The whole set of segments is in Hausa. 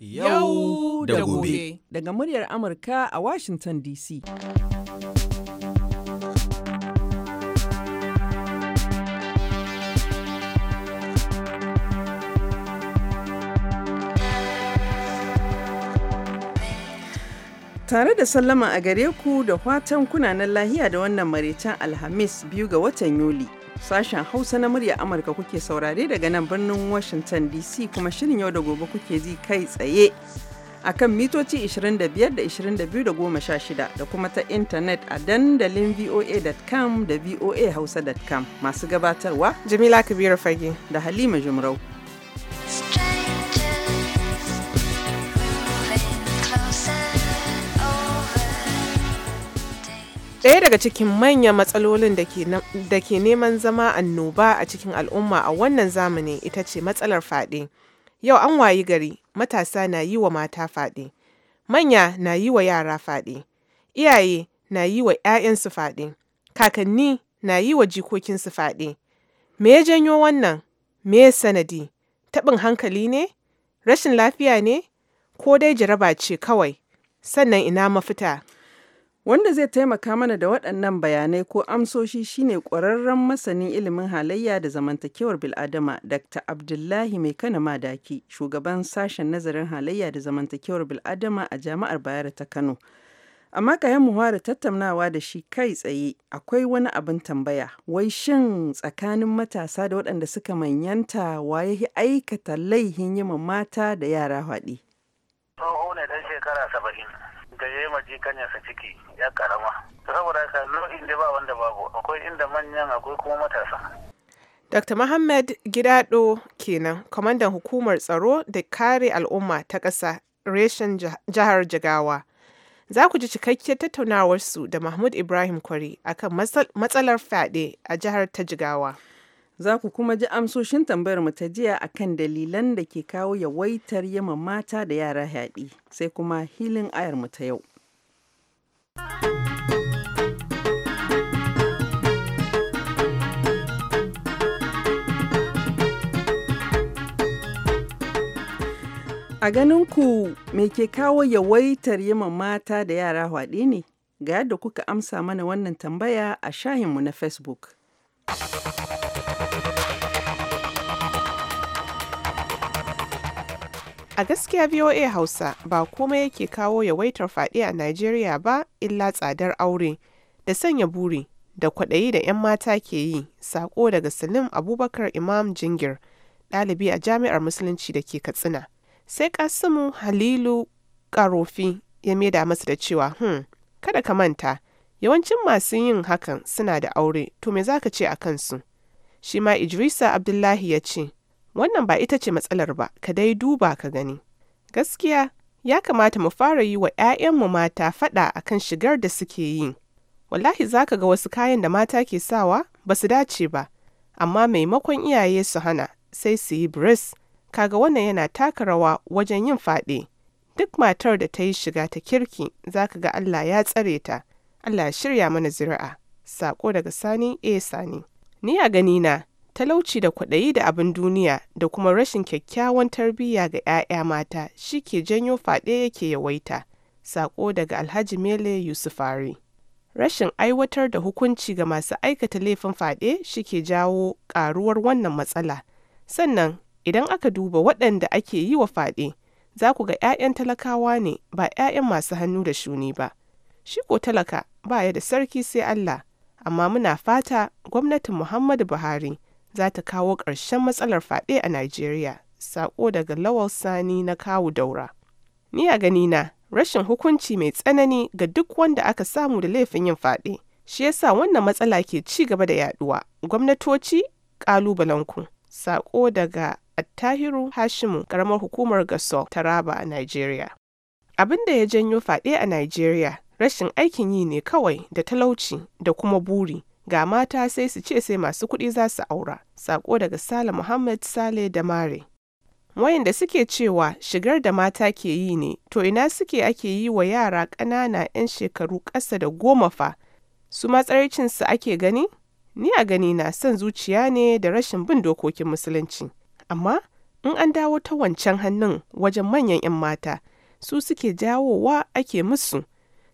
yau da gobe daga muryar Amurka a Washington DC. Tare da sallama a gare ku da fatan kunanan lahiya da wannan maraicen Alhamis biyu ga watan Yuli. Sashen Hausa na murya Amurka kuke saurare daga nan birnin Washington DC kuma shirin yau da gobe kuke ji kai tsaye a kan mitoci 25 da 22 da 16 da kuma ta intanet a dandalin voa.com da voa voahausa.com masu gabatarwa Jamila Kabiru Fage da Halima Jumrau. Ɗaya daga cikin manyan matsalolin da ke neman zama annoba a cikin al'umma a wannan zamani ita ce matsalar faɗi. Yau an wayi gari matasa na yi wa mata faɗi. manya na yi wa yara faɗi. iyaye na yi wa ‘ya'yansu faɗi. kakanni na yi wa jikokinsu faɗi. Me ya janyo wannan? Me ya sanadi? Taɓin hankali ne? Rashin lafiya ne? Ko dai jaraba ce kawai? Sannan ina mafita? Wanda zai taimaka mana da waɗannan bayanai ko amsoshi shine ƙwararren masanin ilimin halayya da zamantakewar bil'adama Dr. Abdullahi Mai Kano Madaki, shugaban sashen nazarin halayya da zamantakewar bil'adama a Jami'ar Bayero ta Kano. Amma kayan muhawara tattaunawa da shi kai tsaye akwai wani abin tambaya, wai shin tsakanin matasa da waɗanda suka manyanta waye aikata laihin yi mata da yara haɗi? da ya yi maje kanyarsa ciki ya karama to saboda haka nau'in da ba wanda babu akwai inda manyan akwai kuma matasa Dr. Muhammad Gidado kenan, kwamandan hukumar tsaro da kare al'umma ta ƙasa reshen jihar Jigawa. Za ku ji cikakkiyar tattaunawarsu da Mahmud Ibrahim Kwari akan matsalar fyaɗe a jihar ta Jigawa. Za ku kuma ji amsoshin tambayar mu ta jiya akan dalilan da ke kawo yawaitar yamma mata da yara yaɗi sai kuma hilin ayar mu ta yau. A ganin ku me ke kawo yawaitar yamma mata da yara hwaɗe ne? Ga yadda kuka amsa mana wannan tambaya a shahinmu na Facebook. A gaskiya VOA Hausa ba komai yake kawo yawaitar fyaɗe a Najeriya ba illa tsadar aure da sanya buri da kwaɗayi da 'yan mata ke yi, saƙo daga Salim Abubakar Imam Jingir, ɗalibi a Jami'ar Musulunci da ke Katsina. Sai Kasimu Halilu Karofi ya maida masa da cewa, "Hmm, kada ka manta, yawancin masu yin hakan suna da aure, to me za ka ce a kansu?" Shi ma Idrisa Abdullahi ya ce, wannan ba ita ce matsalar ba ka dai duba ka gani gaskiya ya kamata mu fara yi wa 'ya'yanmu mata faɗa kan shigar da suke yi wallahi za ka ga wasu kayan da mata ke sawa ba su dace ba amma maimakon iyaye su hana sai su yi bris kaga wannan yana taka rawa wajen yin faɗe duk matar da ta yi shiga ta kirki za ka ga Allah ya tsare ta Allah ya shirya mana zuri'a sako daga sani e sani ni a ganina Talauci da kwaɗayi da abin duniya da kuma rashin kyakkyawan tarbiyya ga 'ya'ya mata shi ke janyo faɗe yake yawaita. Sako daga Alhaji Mele Yusufari. Rashin aiwatar da hukunci ga masu aikata laifin faɗe shi ke jawo ƙaruwar wannan matsala. Sannan, idan aka duba waɗanda ake yi wa faɗe, za ku ga 'ya'yan talakawa ne ba 'ya'yan masu hannu da shuni ba. Shi ko talaka ba ya da sarki sai Allah, amma muna fata gwamnatin Muhammadu Buhari za ta kawo ƙarshen matsalar fyaɗe a Najeriya, saƙo daga Lawal Sani na kawu daura. Ni a ganina, rashin hukunci mai tsanani ga duk wanda aka samu da laifin yin fyaɗe. Shi yasa wannan matsala ke ci gaba da yaɗuwa, Gwamnatoci ƙalubalenku. saƙo daga Attahiru Hashimu, ƙaramar hukumar Gasol, Taraba a Najeriya. Abin da ya janyo fyaɗe a Najeriya rashin aikin yi ne kawai da talauci da kuma buri Ga mata sai su ce sai masu kuɗi za su aura, sako daga Sale Muhammad Sale da Mare. Wayanda suke cewa shigar da mata ke yi ne, to ina suke ake yi wa yara ƙanana 'yan shekaru ƙasa da goma fa, su matsaraicinsu ake gani? Ni a gani na son zuciya ne da rashin bin dokokin musulunci. Amma in an dawo ta wancan hannun wajen manyan 'yan mata, su suke jawowa ake musu,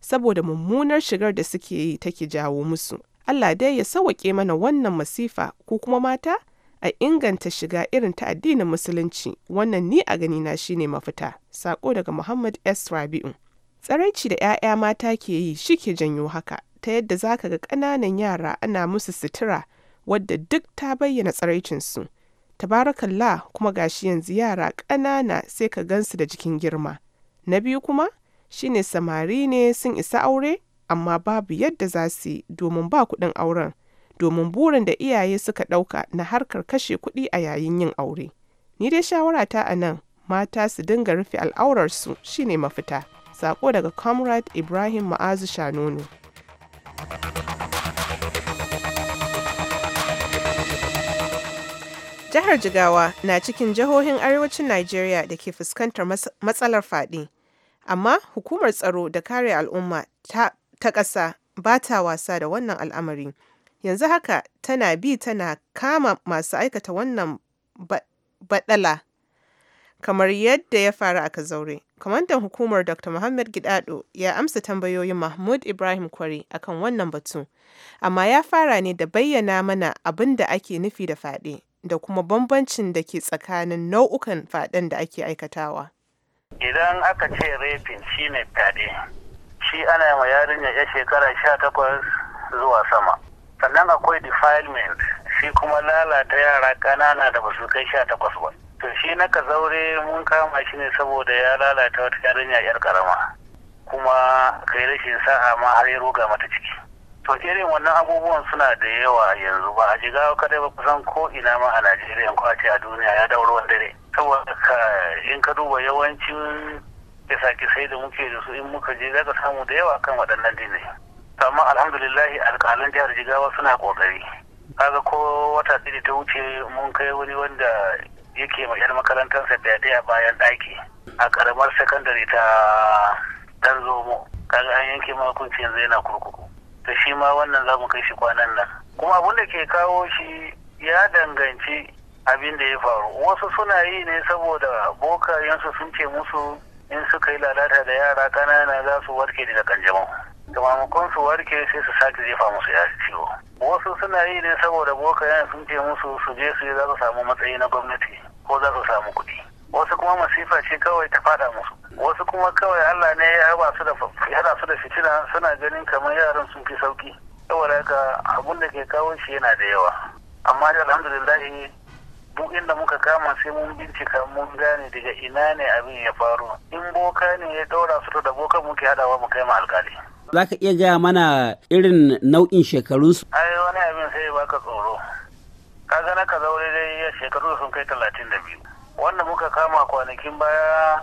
saboda mummunar shigar da suke yi take jawo musu. Allah dai ya sawaƙe mana wannan masifa ko kuma mata a inganta shiga irin ta addinin musulunci wannan ni a gani na shine mafita sako daga Muhammad S Rabi'u tsaraici da 'ya'ya mata ke yi shi ke janyo haka ta yadda zaka ga ƙananan yara ana musu sutura wadda duk ta bayyana tsaraicinsu tabarakallah kuma gashi yanzu yara ƙanana sai ka gansu da jikin girma na biyu kuma shine samari ne sun isa aure amma babu yadda za su yi domin ba kuɗin auren, domin burin da iyaye suka ɗauka na harkar kashe kuɗi a yayin yin aure. Ni dai shawarata a nan mata su dinga rufe al'aurarsu shine mafita. Sako daga Comrade Ibrahim Ma'azu Shanono. Jihar Jigawa na cikin jihohin arewacin Najeriya da ke fuskantar matsalar faɗi, amma hukumar tsaro da kare al'umma ta ta ƙasa ba ta wasa da wannan al'amari. Yanzu haka tana bi tana kama masu aikata wannan baɗala kamar yadda ya faru aka zaure, Kwamandan hukumar Dr. Muhammad Gidado ya amsa tambayoyin Mahmud Ibrahim Kwari akan wannan batu, amma ya fara ne da bayyana mana abin da ake nufi da fyaɗe da kuma bambancin da ke tsakanin nau'ukan faɗen da ake aikatawa. Idan aka ce rafin shine fyaɗe, shi ana ma yarinya ya shekara sha takwas zuwa sama sannan akwai defilement shi kuma lalata yara ƙanana da basu kai sha takwas ba to shi na ka zaure mun kama shi ne saboda ya lalata wata yarinya yar karama kuma kai rashin sa'a ma har ya roga mata ciki to irin wannan abubuwan suna da yawa yanzu ba a ji gawa kadai ba kusan ko ina ma a najeriya ko a ce a duniya ya dauro dare saboda in ka duba yawancin ya sake sai da muke da su in muka je za ka samu da yawa kan waɗannan dinai amma alhamdulillahi alƙalan jihar jigawa suna ƙoƙari kaga ko wata tsiri ta wuce mun kai wani wanda yake ma 'yan sa fyaɗe a bayan ɗaki a ƙaramar sakandare ta ɗan zomo kaga an yanke makunci yanzu yana kurkuku to shi ma wannan za mu kai shi kwanan nan kuma abin da ke kawo shi ya danganci abin da ya faru wasu suna yi ne saboda bokayensu sun ce musu in suka yi lalata da yara kanana za su warke daga kanjamau da su warke sai su sake jefa musu ya ciwo wasu suna yi ne saboda bokayen sun ce musu su je su za su samu matsayi na gwamnati ko za su samu kuɗi wasu kuma masifa ce kawai ta fada musu wasu kuma kawai Allah ne ya haba su da su da fitina suna ganin kamar yaran sun fi sauki saboda haka abun da ke kawo shi yana da yawa amma alhamdulillah duk inda muka kama sai mun bincika mun gane daga ina ne abin ya faru in boka ne ya daura su da boka muke hadawa mu kai ma alkali za ka iya gaya mana irin nau'in shekarunsu ai wani abin sai baka tsoro kaga na ka zaure dai shekaru sun kai talatin da biyu wanda muka kama kwanakin baya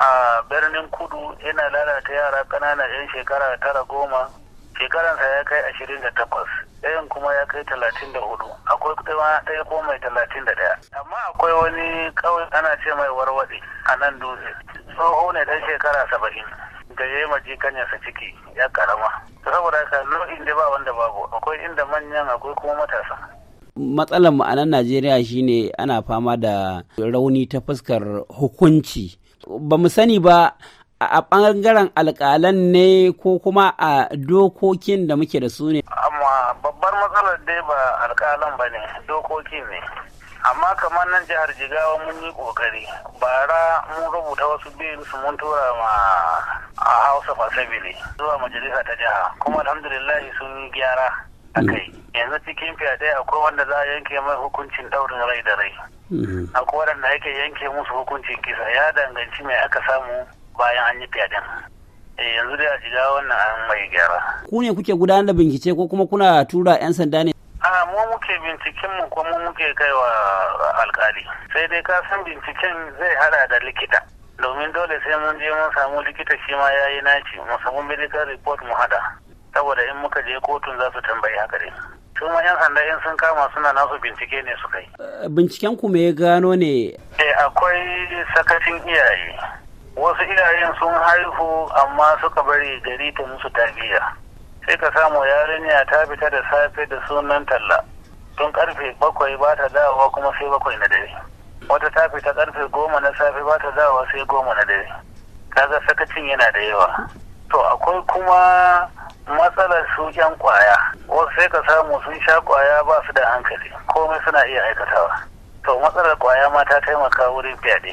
a birnin kudu yana lalata yara ƙanana 'yan shekara tara goma shekaransa ya kai ashirin da takwas ɗayan kuma ya kai talatin da hudu akwai kuma ɗaya ko mai talatin da ɗaya amma akwai wani ƙauye ana ce mai warwaɗe a nan dutse tsoho ne ɗan shekara saba'in da ya yi maji kanyarsa ciki ya karama saboda haka nau'in da ba wanda babu akwai inda manyan akwai kuma matasa matsalar mu a nan najeriya shine ana fama da rauni ta fuskar hukunci ba mu sani ba a ɓangaren alƙalan ne ko kuma a dokokin da muke da su ne. Amma babbar matsalar dai ba alƙalan ba ne dokoki ne. Amma kamar nan jihar Jigawa mun yi ƙoƙari bara mun rubuta wasu biyu su mun tura ma a Hausa Fasabili zuwa majalisa ta jiha kuma alhamdulillah sun gyara a kai. Yanzu cikin fyaɗe akwai wanda za a yanke mai hukuncin ɗaurin rai da rai. Mm-hmm. Akwai waɗanda yake yanke musu hukuncin kisa ya danganci mai aka samu bayan an yi fyaɗen eh, yanzu da a shiga wannan an mai gyara ku ne kuke gudanar da bincike ko kuma kuna tura 'yan sanda ne a mu muke binciken mu kuma muke kai wa alkali sai dai ka san binciken zai hada da likita domin dole sai mun je mun samu likita shi ma ya yi naci mu samu medical report mu hada saboda in muka je kotun za su tambayi haka dai su ma yan sanda in sun kama suna nasu bincike ne su kai eh, binciken ku me ya gano ne eh akwai sakacin iyaye wasu iyayen sun haihu amma suka bari gari ta musu tarbiyya sai ka samu yarinya ta fita da safe da sunan talla tun karfe bakwai ba ta dawowa kuma sai bakwai na dare wata ta fita karfe goma na safe ba ta dawowa sai goma na dare kaga sakacin yana da yawa to akwai kuma matsalar su yan kwaya wasu sai ka samu sun sha kwaya ba su da hankali komai suna iya aikatawa to matsalar kwaya ma ta taimaka wurin fyaɗe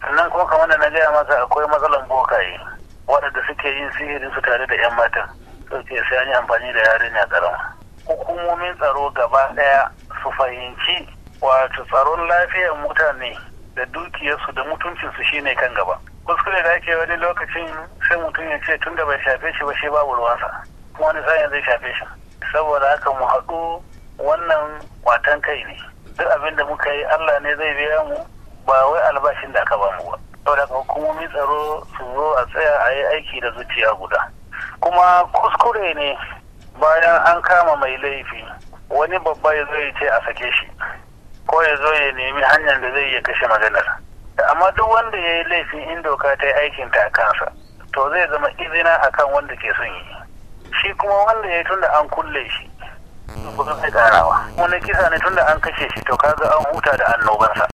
sannan kuma kamar da na gaya masa akwai matsalan bokaye waɗanda suke yin sihirin su tare da 'yan matan sauke sai an yi amfani da yarinya ƙarama. hukumomin tsaro gaba ɗaya su fahimci wato tsaron lafiyar mutane da dukiyarsu da mutuncinsu shine kan gaba kuskure da ake wani lokacin sai mutum ya ce tun da bai shafe shi ba shi babu ruwansa kuma wani sa'in zai shafe shi saboda haka mu haɗu wannan watan kai ne duk abin da muka yi allah ne zai biya mu ba wai albashin da aka ba mu ba saboda hukumomin tsaro su zo a tsaya a yi aiki da zuciya guda kuma kuskure ne bayan an kama mai laifi wani babba ya zo ya ce a sake shi ko ya zo ya nemi hanyar da zai iya kashe maganar amma duk wanda ya yi laifin in doka ta yi aikin ta kansa to zai zama izina akan wanda ke son yi shi kuma wanda ya yi tunda an kulle shi ba zai karawa wani kisa ne tunda an kashe shi to kaga an huta da annobansa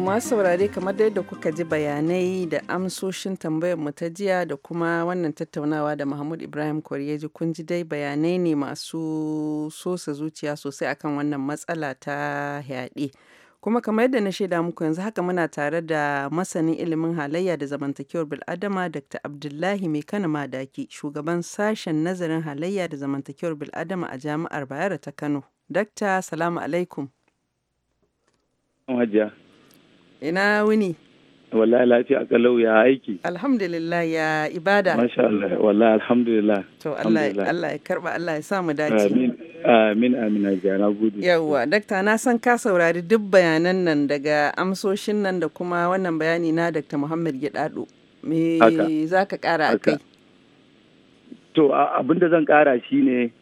ma saurari saurare kamar da kuka ji bayanai da amsoshin tambayar mu ta jiya da kuma wannan tattaunawa da Mahmud Ibrahim koreji kun ji dai bayanai ne masu sosa zuciya sosai akan wannan matsala ta yaɗe. Kuma kamar yadda na shaida muku yanzu haka muna tare da masanin ilimin halayya da zamantakewar bil'adama Dr. Abdullahi Mai Kana Madaki, shugaban sashen nazarin halayya da zamantakewar bil'adama a Jami'ar Bayero ta Kano. dr salamu alaikum. Ina wuni? Wallahi lafiya kalau ya aiki. Alhamdulillah ya ibada. Masha Allah, wallahi alhamdulillah. To Allah ya karba Allah ya samu dace. Amin. Amin amin ajiya na gudu. Yawwa, dakta na san ka saurari duk bayanan nan daga amsoshin nan da kuma wannan bayani na Dr. Muhammad Gidado. Me za ka kara akai. To abin da zan kara shine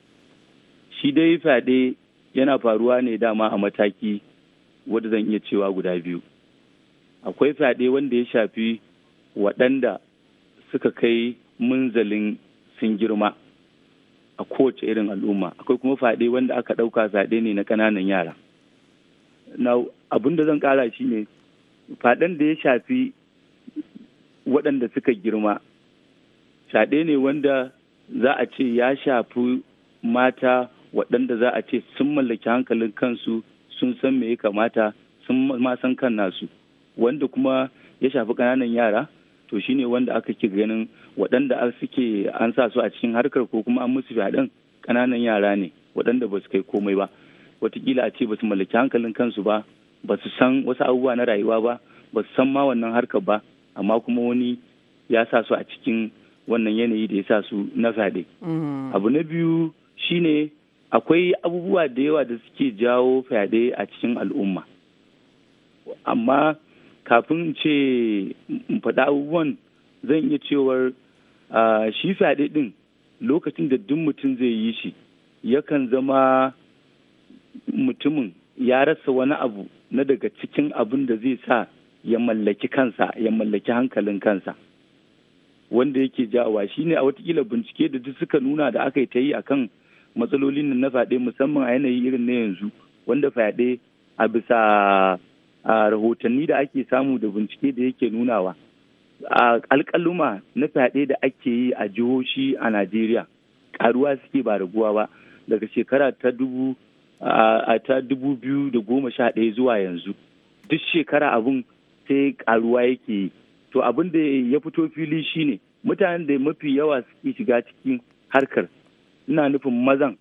shi dai fyaɗe yana faruwa ne dama a mataki wadda zan iya cewa guda biyu. akwai fyaɗe wanda ya shafi waɗanda suka kai munzalin sun girma a kowace irin al'umma akwai kuma fyaɗe wanda aka ɗauka fyaɗe ne na ƙananan yara na abin da zan ƙara shi ne faɗan da ya shafi waɗanda suka girma fyaɗe ne wanda za a ce ya shafi mata waɗanda za a ce sun mallaki hankalin kansu sun san me ya kamata sun ma san kan nasu wanda kuma ya shafi ƙananan yara to shine wanda aka ke ganin waɗanda suke an sa su a cikin harkar ko kuma an musu fyaɗen ƙananan yara ne waɗanda ba su kai komai ba watakila a ce ba su mallaki hankalin kansu ba ba su san wasu abubuwa na rayuwa ba ba su san ma wannan harkar ba amma kuma wani ya sa su a cikin wannan yanayi da ya sa su na fyaɗe mm. abu na biyu shine akwai abubuwa da yawa da suke jawo fyaɗe a cikin al'umma amma kafin ce faɗa abubuwan zan iya cewar shi fyaɗe ɗin lokacin da duk mutum zai yi shi yakan zama mutumin ya rasa wani abu na daga cikin abin da zai sa ya mallaki kansa ya mallaki hankalin kansa wanda yake jawa shine a watakila bincike da duk suka nuna da aka yi ta yi akan matsalolin na fyaɗe musamman a yanayi irin na yanzu wanda fyaɗe a bisa a rahotanni da ake samu da bincike da yake nunawa a alkaluma na fyaɗe da ake yi a jihohi a najeriya ƙaruwa suke ba raguwa ba daga shekara ta dubu a ta dubu biyu da goma sha ɗaya zuwa yanzu duk shekara abun sai ƙaruwa yake yi to abin da ya fito fili shine mutanen da mafi yawa suke shiga cikin harkar ina nufin mazan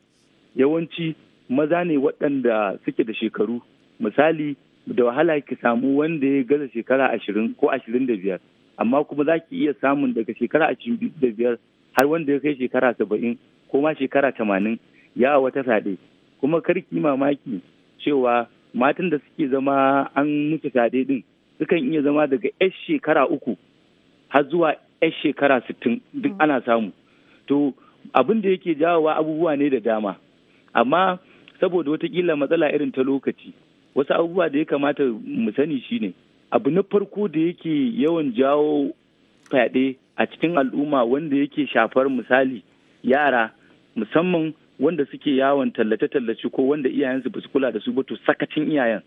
yawanci maza ne waɗanda suke da shekaru misali da wahala ki samu wanda ya gaza shekara ashirin ko ashirin da biyar amma kuma za ki iya samun daga shekara ashirin da biyar har wanda ya kai shekara saba'in ko ma shekara tamanin ya wata fyaɗe kuma kar karki mamaki cewa matan da suke zama an musu fyaɗe ɗin sukan iya zama daga 'yar shekara uku har zuwa 'yar shekara sittin duk mm. ana samu to abin da yake jawowa abubuwa ne da dama amma saboda watakila matsala irin ta lokaci wasu abubuwa da ya kamata mu sani shine abu na farko da yake yawan jawo fyaɗe a cikin al'umma wanda yake shafar misali yara musamman wanda suke yawon tallace-tallace ko wanda iyayensu ba su kula da su ba to sakacin iyayen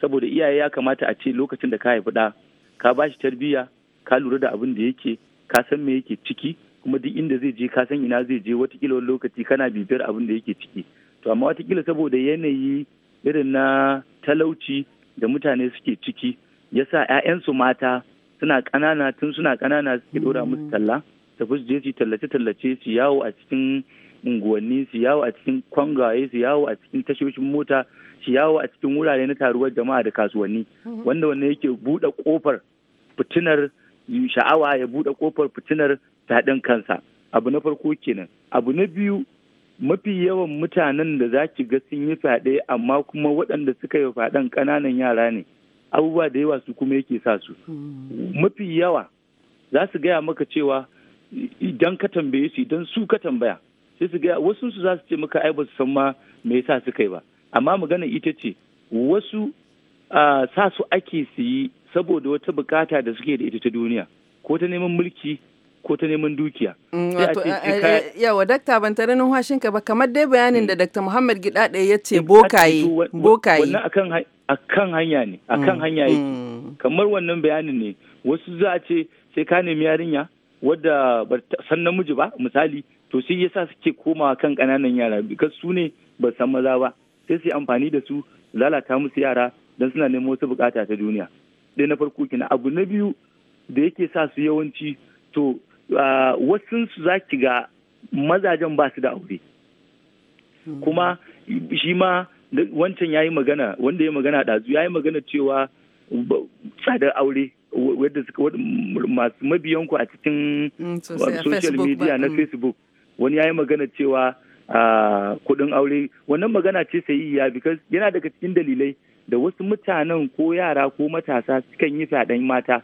saboda iyaye ya kamata a ce lokacin da ka haifi ɗa ka ba shi tarbiyya ka lura da abin da yake ka san me yake ciki kuma duk inda zai je ka san ina zai je watakila wani lokaci kana bibiyar abin da yake ciki to amma watakila saboda yanayi irin na talauci da mutane suke ciki ya sa 'ya'yansu mata suna ƙanana tun suna ƙanana suke ɗora mm. musu talla ta su je su tallace tallace su yawo a cikin unguwanni su yawo a cikin kwangaye su yawo a cikin tashoshin mota su yawo a cikin wurare na taruwar jama'a da kasuwanni mm-hmm. wanda wanda yake buɗe ƙofar fitinar sha'awa ya buɗe ƙofar fitinar taɗin kansa abu na farko kenan abu na biyu mafi yawan mutanen da za ki ga sun yi fyaɗe amma kuma waɗanda suka yi fyaɗen ƙananan yara ne abubuwa da yawa su kuma yake sa su hmm. mafi yawa za su gaya maka cewa idan ka tambaye su idan su ka tambaya sai su gaya wasu su za su ce maka ai ba su san ma me yasa suka yi ba amma magana ita ce wasu sa su ake su yi saboda wata bukata da suke da ita ta duniya ko ta neman mulki ko ta neman dukiya. Mm, eh, eh, eh, yawa dakta ban tare numfashin ka ba kamar dai bayanin da mm. dakta Muhammad ɗaya ya ce bokaye bokaye. Wannan akan hanya ne akan mm, hanya yake kamar wannan bayanin ne wasu za a ce sai ka nemi yarinya wadda san namiji ba misali to sai yasa suke komawa kan ƙananan yara bikas su ne ba san maza ba sai su amfani da su lalata musu yara don suna neman wasu bukata ta duniya ɗaya na farko kina abu na biyu da yake sa su yawanci to Uh, wasansu su za ki ga mazajen ba su da aure kuma shi ma wancan ya yi magana wanda ya yi magana ɗazu ya yi magana cewa tsadar aure wadda masu mabiyanku a cikin mm, social media na mm. facebook wani ya yi magana cewa uh, kudin aure wannan magana ce sai iya because yana daga cikin dalilai da wasu mutanen ko yara ko matasa sukan yi fyaɗen mata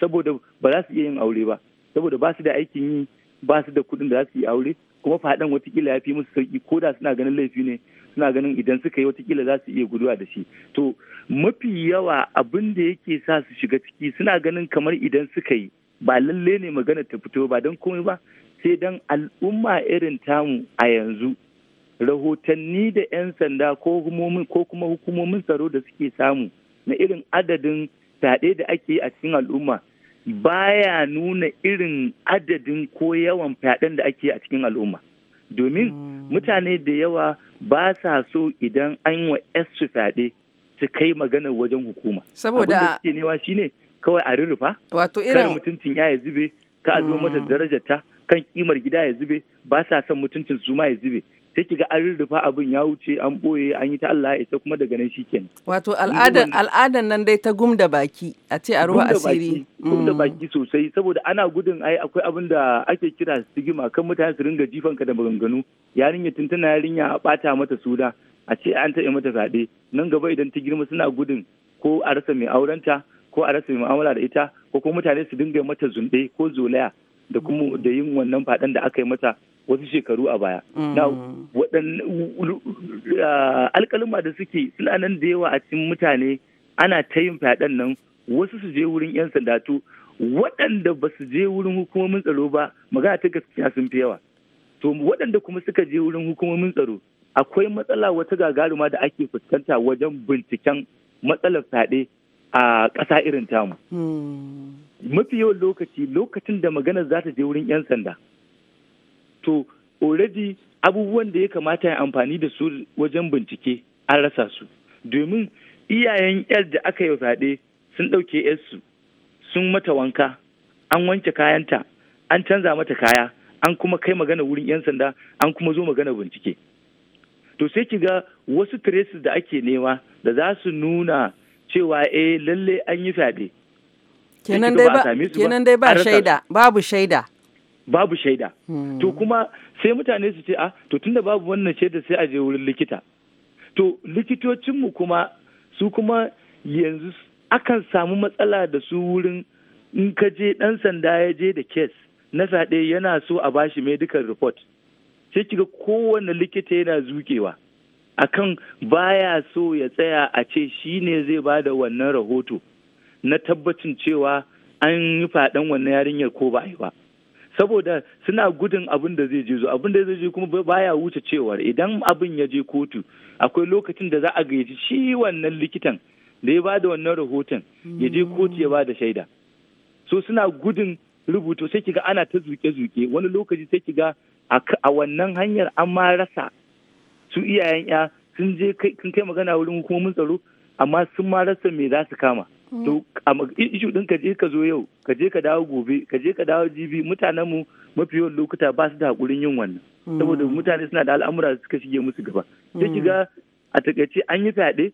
saboda ba za su iya yin aure ba saboda ba su da aikin yi ba su da kuɗin da za su yi aure kuma faɗan watakila ya fi musu sauki ko da suna ganin laifi ne suna ganin idan suka yi watakila za su iya guduwa da shi to mafi yawa abin da yake sa su shiga ciki suna ganin kamar idan suka yi ba lalle ne magana ta fito ba don komai ba sai dan al'umma irin tamu a yanzu rahotanni da 'yan sanda ko kuma hukumomin tsaro da suke samu na irin adadin fyaɗe da ake yi a cikin al'umma baya nuna irin adadin ko yawan fyaɗen da ake a cikin al'umma domin mm. mutane da yawa ba sa so idan an wa su fyaɗe su kai magana wajen hukuma saboda suke newa shine kawai a rurrufa wato irin mutuncin ya zube ka zo mata mm. darajarta kan kimar gida ya zube ba sa son mutuncin su ma ya zube sai ki ga an rufa abin ya wuce an boye an yi ta Allah ya isa kuma daga nan shikenan wato al'adan nan dai ta gumda baki a ce a ruwa asiri gumda mm. baki sosai saboda ana gudun ai akwai abin da ake kira stigma kan mutane su ringa jifan ka da maganganu yarinya tuntuna yarinya a bata mata suna a ce an taɓa mata zaɓe nan gaba idan ta girma suna gudun ko a rasa mai aurenta ko a rasa mai mu'amala da ita ko kuma mutane su dinga mata zunɗe ko zolaya da kuma da yin wannan faɗan da aka yi mata wasu shekaru a baya. Mm. Na uh, alƙaluma da suke suna nan da yawa a cikin mutane ana ta yin fyaɗen nan wasu su je wurin 'yan sanda to waɗanda ba su je wurin hukumomin tsaro ba magana ta gaskiya sun fi yawa. To waɗanda kuma suka je wurin hukumomin tsaro akwai matsala wata gagaruma da ake fuskanta wajen binciken matsalar fyaɗe a ƙasa irin tamu. Mm. Mafi yawan lokaci lokacin da maganar za ta je wurin 'yan sanda. to already abubuwan da ya kamata ya amfani da su wajen bincike an rasa su domin iyayen yar da aka yi zaɓe sun ɗauke su sun mata wanka an wanke kayanta an canza mata kaya an kuma kai magana wurin 'yan sanda an kuma zo magana bincike to sai ki ga wasu traces da ake nema da za su nuna cewa eh lalle an yi fyaɗe kenan dai ba shaida babu shaida babu shaida hmm. to kuma sai mutane su ce a ah, to tunda babu wannan shaida sai a je wurin likita to likitocinmu kuma su kuma yanzu akan samu matsala da su wurin in ka je dan sanda ya je da kes na saɗe yana so a bashi medical report sai kiga kowane likita yana zukewa akan baya so ya tsaya a ce shi ne zai ba da wannan rahoto na tabbacin cewa an yi faɗan wannan yarinyar ko ba a yi ba saboda suna gudun abin da zai je zo abin da zai je kuma baya wuce cewar idan abin ya je kotu akwai lokacin da za a gaji shi wannan likitan da ya ba da wannan rahoton ya je kotu ya ba da shaida so suna gudun rubutu sai kiga ana ta zuke-zuke wani lokaci sai kiga a wannan hanyar an ma rasa su iyayen ya sun je kai magana wurin hukumomin tsaro amma sun ma rasa me za su kama to ishu din ka je ka zo yau ka je ka dawo gobe ka je ka dawo jibi mutanen mu mafi yawan lokuta ba su da hakurin yin wannan mm. saboda mutane suna da al'amura da suka shige musu gaba sai mm. kiga a takaice an yi fyaɗe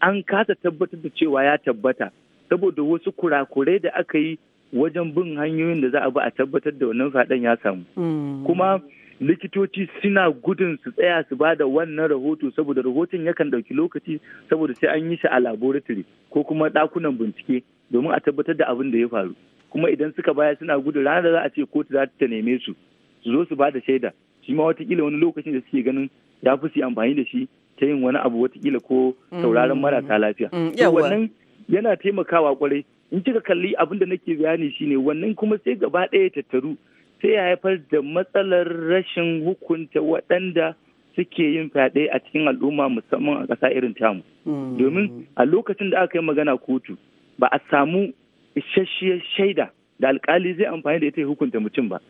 an kasa tabbatar da cewa ya tabbata saboda wasu kurakurai da aka yi wajen bin hanyoyin da za a bi a tabbatar da wannan fyaɗen ya samu mm. kuma likitoci suna gudun su tsaya su ba da wannan rahoto saboda rahoton yakan ɗauki lokaci saboda sai an yi shi a laboratory ko kuma ɗakunan bincike domin a tabbatar da abin da ya faru kuma idan suka baya suna gudu ranar da za a ce kotu za ta neme su su zo su ba da shaida shi ma watakila wani lokacin da suke ganin ya fi su amfani da shi ta yin wani abu watakila ko sauraron mm. marasa lafiya. Mm, wannan yana taimakawa kwarai in kika kalli abin da nake bayani shine wannan kuma sai gaba ɗaya tattaru sai ya haifar da matsalar rashin hukunta waɗanda suke yin fyaɗe a cikin al'umma musamman a ƙasa irin tamu. Mm. Domin a lokacin da aka yi magana kotu ba a samu isasshiyar shaida da alkali zai amfani da ita ya hukunta mutum ba.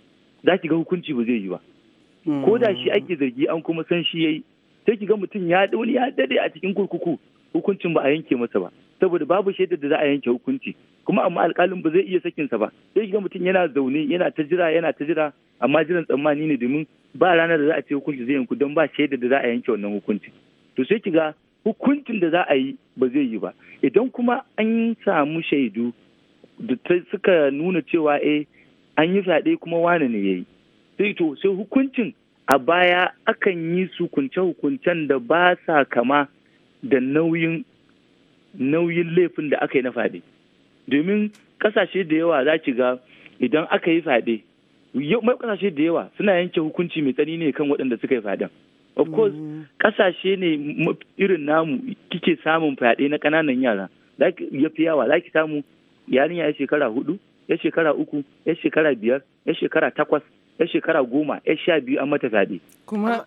Za ki ga hukunci ba zai yi ba. Mm. Ko da shi ake zargi an kuma san shi yayi sai ki ga mutum ya wani ya daɗe a cikin kurkuku hukuncin ba a yanke masa ba saboda babu shaidar da za a yanke hukunci kuma amma alƙalin ba zai iya sakinsa ba sai ga mutum yana zaune yana ta jira yana ta jira amma jiran tsammani ne domin ba ranar da za a ce hukunci zai yanku don ba shaida da za a yanke wannan hukunci to sai kiga hukuncin da za a yi ba zai yi ba idan kuma an samu shaidu da suka nuna cewa e an yi fyaɗe kuma wane ne ya yi sai to sai hukuncin a baya akan yi su kunce-hukuncen da ba sa kama da nauyin nauyin laifin da aka yi na fyaɗe domin kasashe da yawa za ki ga idan aka yi fade mai kasashe da yawa suna yanke hukunci mai tsani ne kan waɗanda suka yi faden of course mm. kasashe ne irin namu kike samun fade na ƙananan yara ya fi yawa za ki samu yarinya ya shekara hudu ya shekara uku ya shekara biyar ya shekara takwas ya shekara goma ya sha biyu an mata fyaɗe.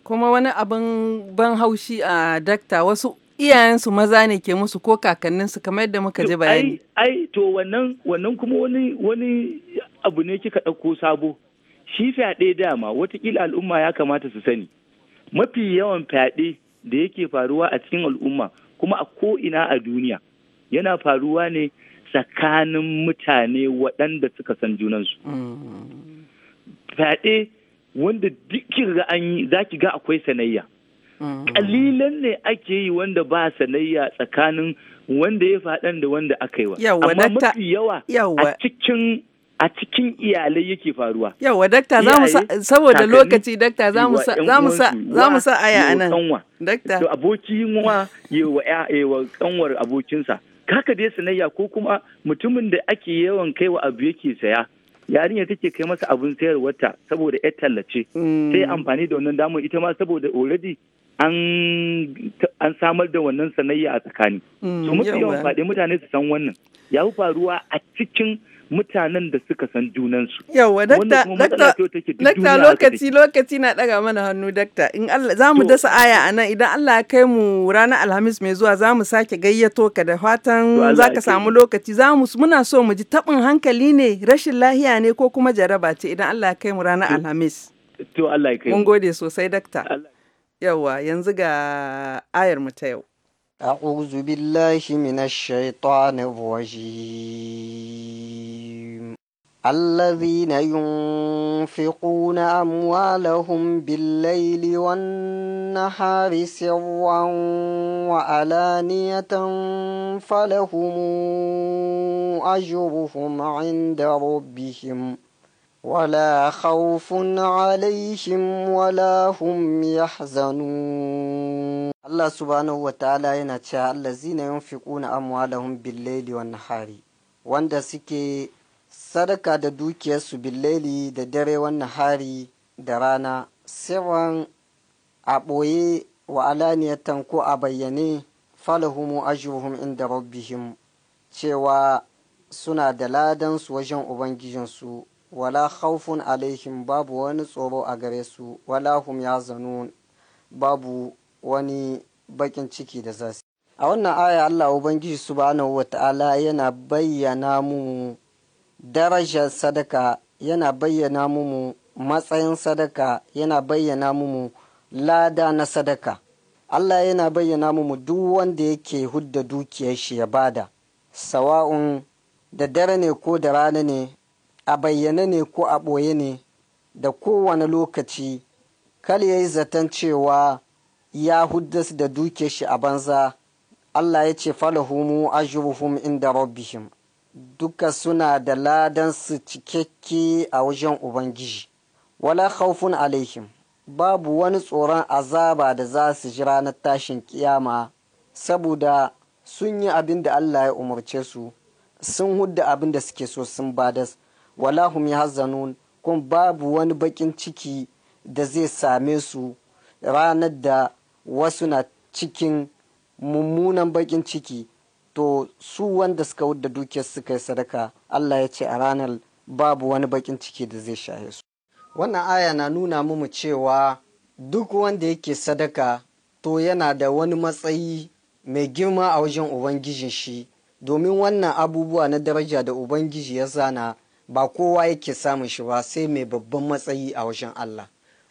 kuma wani abin ban haushi a dakta wasu iyayensu maza ne ke musu ko kakanninsu kamar yadda muka ji bayani. Ai, to wannan wannan kuma wani wani abu ne kika ɗauko sabo. Shi fyaɗe dama watakila al'umma ya kamata su sani. Mafi yawan fyaɗe da yake faruwa a cikin al'umma kuma a ko ina a duniya yana faruwa ne tsakanin mutane waɗanda suka san junansu. Mm. Fyaɗe wanda duk ga za ga akwai sanayya. Kalilan ne ake yi wanda ba sanayya tsakanin wanda ya faɗan da wanda aka yi wa. Amma mafi yawa a cikin a cikin iyalai yake faruwa. Yawa dakta za mu saboda lokaci dakta za mu sa aya anan. Dakta. To abokin wa yewa yewa kanwar abokinsa. Kaka dai sanayya ko kuma mutumin da ake yawan kaiwa abu yake saya. yarinya take kai masa abin sayarwarta saboda yar tallace mm. sai amfani da wannan damar ita ma saboda already an samar da wannan sanayya a tsakani. So mm, mutu yawan faɗi mutane su san wannan. Ya fi faruwa a cikin mutanen da suka san junansu. Yawwa, dakta lokaci lokaci na ɗaga mana hannu dakta. In Allah za mu dasa aya a nan idan Allah ya kai mu ranar Alhamis mai zuwa za mu sake gayyato ka da fatan za ka samu lokaci za mu muna so mu ji taɓin hankali ne rashin lahiya ne ko kuma jaraba ce idan Allah ya kai mu ranar Alhamis. To Allah ya kai mu. Mun gode sosai dakta. Yawwa yanzu ga ayar أعوذ بالله من الشيطان الرجيم الذين ينفقون أموالهم بالليل والنهار سرا وألانية فلهم أجرهم عند ربهم ۖ ولا خوف عليهم ولا هم يحزنون الله سبحانه وتعالى ينتشى الذين ينفقون أموالهم بالليل والنهار wanda suke sadaka da dukiyarsu billeli da dare wannan hari da rana sirran a ɓoye wa alaniyatan ko a bayyane falahumu ajruhum inda rabbihim cewa suna da ladansu wajen ubangijinsu wala khawfun alaihim babu wani tsoro a gare su wala hum zanu babu wani bakin ciki da za su a wannan aya Allah ubangiji subhanahu ta'ala yana bayyana mu darajar sadaka yana bayyana mu matsayin sadaka yana bayyana mu lada na sadaka Allah yana bayyana mu duk wanda yake hudda dukiyar shi ya bada sawa'un da dare ne ko da rana ne a bayyane ne ko a ɓoye ne da kowane lokaci kal ya yi zaton cewa ya huddas da duke shi a banza Allah ya ce falahumu ajruhum inda rabbihim duka suna da ladansu cikakke a wajen ubangiji wala khawfun alaihim babu wani tsoron azaba da za su ji ranar tashin kiyama saboda sun yi abin da Allah ya umarce su sun hudda abin da suke so sun badas walahum hum yahzanun kun babu wani bakin ciki da zai same su ranar da wasu na cikin mummunan bakin ciki to su wanda suka wudda dukiyar suka yi sadaka Allah ya ce a ranar babu wani bakin ciki da zai shahe su wannan aya na nuna mu cewa duk wanda yake sadaka to yana da wani matsayi mai girma a wajen ubangijin shi domin wannan abubuwa na daraja da ubangiji ya zana ba kowa yake samun shi ba sai mai babban matsayi a wajen Allah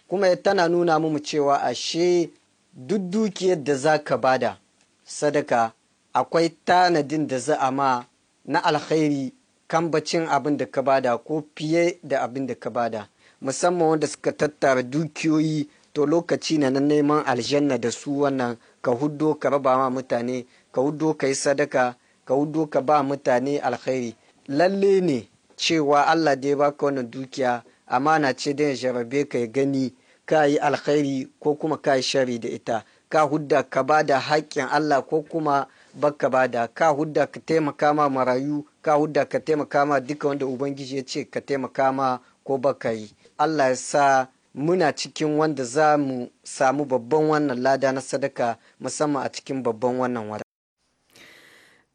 kuma tana nuna mu cewa ashe duk dukiyar da za ka bada sadaka akwai tanadin da za a ma na alkhairi kambacin abin da ka bada ko fiye da abin da ka bada musamman wanda suka tattara dukiyoyi to lokaci na neman aljanna da su wannan ka huddo ka raba ma mutane ka huddo ka yi sadaka ka huddo ka ba mutane alkhairi lalle ne cewa Allah dai ba ka wannan dukiya amana ce da ya jarabe ka ya gani ka yi alkhairi ko kuma ka yi shari da ita ka hudda ka ba da haƙƙin Allah ko kuma baka ba da ka hudda ka taimaka ma marayu ka hudda ka taimaka ma duka wanda ubangiji ya ce ka taimaka ma ko baka yi Allah ya sa muna cikin wanda za mu samu babban wannan lada na sadaka musamman a cikin babban wannan wata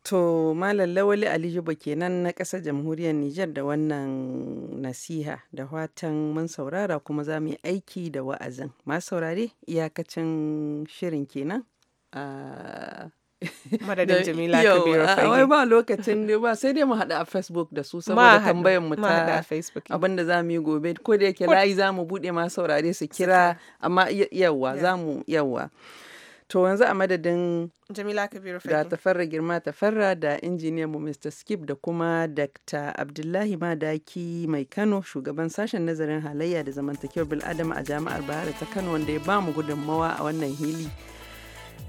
To Malam Lawali Aliyu kenan na ƙasa jamhuriyar Nijar da wannan nasiha da watan mun saurara kuma za mu yi aiki da wa'azin. Masu saurare iyakacin shirin kenan. madadin jamila kabiru Yau, wai ba lokacin ne ba sai dai mu haɗu a facebook da su saboda tambayan mu ta abinda za mu yi gobe ko da yake layi za mu buɗe masu saurare su kira amma yawwa za mu yawwa. To yanzu a madadin Jamila Kabiru Da tafarra girma tafarra da injiniyan mu Mr. Skip da kuma Dr. Abdullahi Madaki mai Kano shugaban sashen nazarin halayya da zamantakewar bil'adama a jami'ar Bahar ta Kano wanda ya bamu gudunmawa a wannan hili.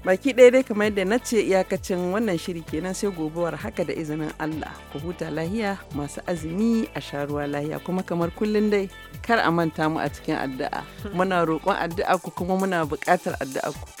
Baki ɗaya dai kamar yadda na ce iyakacin wannan shiri kenan sai gobewar haka da izinin Allah ku huta lahiya masu azumi a sha lahiya kuma kamar kullum dai kar a manta mu a cikin addu'a muna roƙon addu'a ku kuma muna buƙatar addu'a ku.